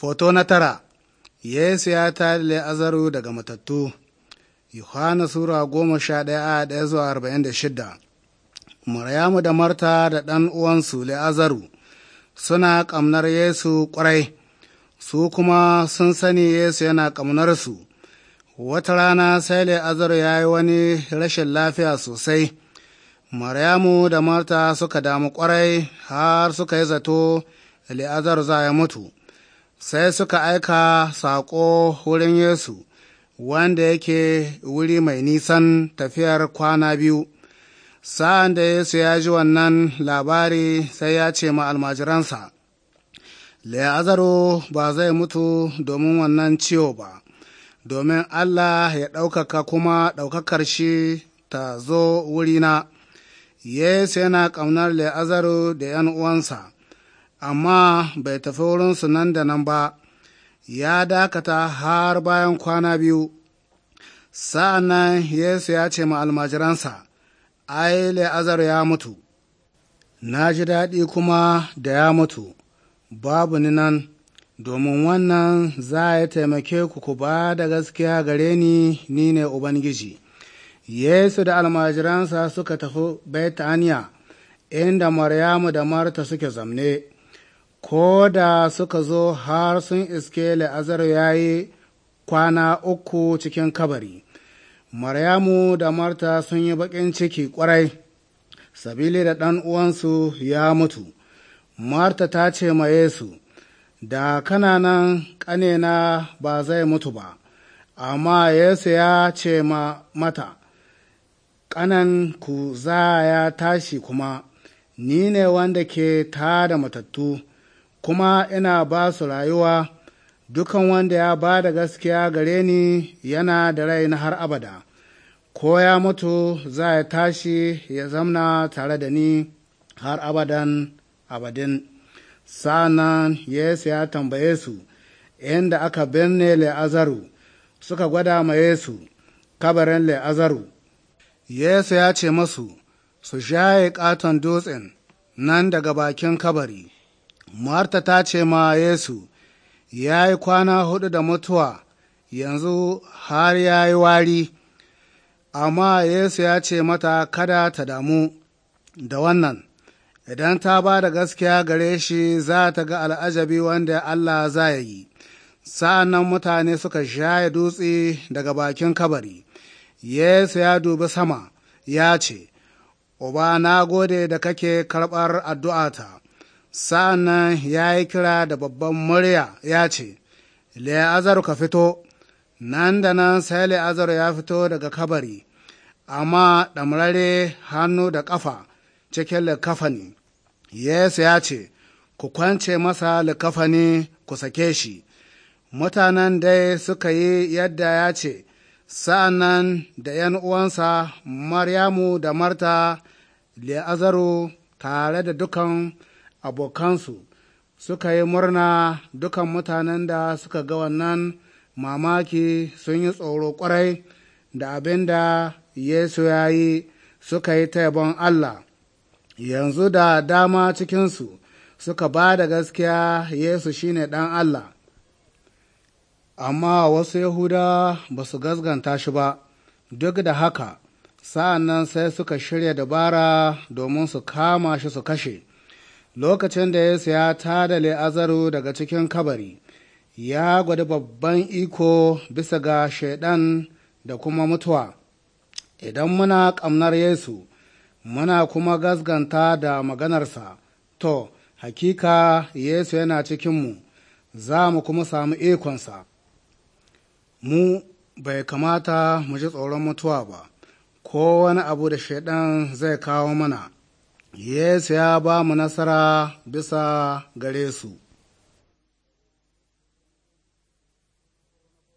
Foto na tara Yesu ya tada Lazaru daga matattu Yohana Sura goma sha ɗaya a ɗaya zuwa arba'in da shida Maryamu da Marta da ɗan uwansu Lazaru suna ƙamnar Yesu ƙwarai, su kuma sun sani Yesu yana ƙamnar su. Wata rana sai Lazaru ya yi wani rashin lafiya sosai. Maryamu da Marta suka damu ƙwarai har suka yi zato Lazaru za ya mutu. sai suka aika saƙo wurin Yesu, wanda yake wuri mai nisan tafiyar kwana biyu. Sa'an da Yesu ya ji wannan labari sai ya ce ma almajiransa, Le'azaro ba zai mutu domin wannan ciwo ba, domin Allah ya ɗaukaka kuma ɗaukakar shi ta zo wurina. Yesu yana ƙaunar Le'azaro da ’yan uwansa. amma bai tafi wurinsu nan da nan ba ya dakata har bayan kwana biyu sa'an nan yesu ya ce ma almajiransa ai la'azar ya mutu na ji daɗi kuma da ya mutu babu ni nan domin wannan za a yi taimake ku ku ba da gaskiya gare ni ni ne ubangiji yesu da almajiransa suka tafi betaniya inda maryamu da marta suke zamne ko da suka zo har sun iske la'azar ya yi kwana uku cikin kabari. Maryamu da Marta sun yi bakin ciki kwarai. sabili da ɗan uwansu ya mutu. Marta ta ce ma Yesu, da kananan ƙanena ba zai mutu ba, amma Yesu ya ce ma mata, ƙanan ku za ya tashi kuma, ni ne wanda ke tada matattu. kuma ina ba su rayuwa dukan wanda ya ba da gaskiya gare ni yana da rai na har abada ko ya mutu za ya tashi ya zamna tare da ni har abadan abadin sanan yesu ya tambaye su inda aka binne le'azaru suka gwada ma yesu kabarin le'azaru yesu ya ce masu su shaye katon dutsen nan daga bakin kabari Marta ta ce ma Yesu, ya yi kwana hudu da mutuwa, yanzu har ya yi wari, amma Yesu ya ce mata kada ta damu da wannan, idan ta ba da gaskiya gare shi za ta ga al'ajabi wanda Allah za ya yi. Sa'an nan mutane suka shaye dutse daga bakin kabari, Yesu ya dubi sama, ya ce, Uba na gode da kake karɓar addu'ata. sa'an ya yi kira da babban murya ya ce, Le'azar ka fito, nan da nan sai Le'azar ya fito daga kabari, amma ɗamrare hannu da ƙafa cikin likafani. Yesu ya ce, Ku kwance masa likafani ku sake shi, mutanen dai suka yi yadda ya ce, sa'an da ’yan uwansa Maryamu da Marta, Le'azaru tare da dukan abokansu suka yi murna dukan mutanen da suka ga wannan mamaki sun yi tsoro kwarai da abin da Yesu ya yi suka yi ta Allah yanzu da dama cikinsu suka ba da gaskiya Yesu shine ɗan Allah amma wasu Yahuda ba su gasganta shi ba duk da haka sa'an nan sai suka shirya dabara domin su kama shi su kashe lokacin da Yesu ya tada azaru daga cikin kabari, ya gwada babban iko bisa ga shaidan da kuma mutuwa. Idan muna ƙamnar Yesu, muna kuma gasganta da maganarsa, to, hakika Yesu yana cikinmu, za mu kuma samu ikonsa. Mu bai kamata mu ji tsoron mutuwa ba, ko wani abu da shaidan zai kawo mana. Yesu ya ba mu nasara bisa gare su.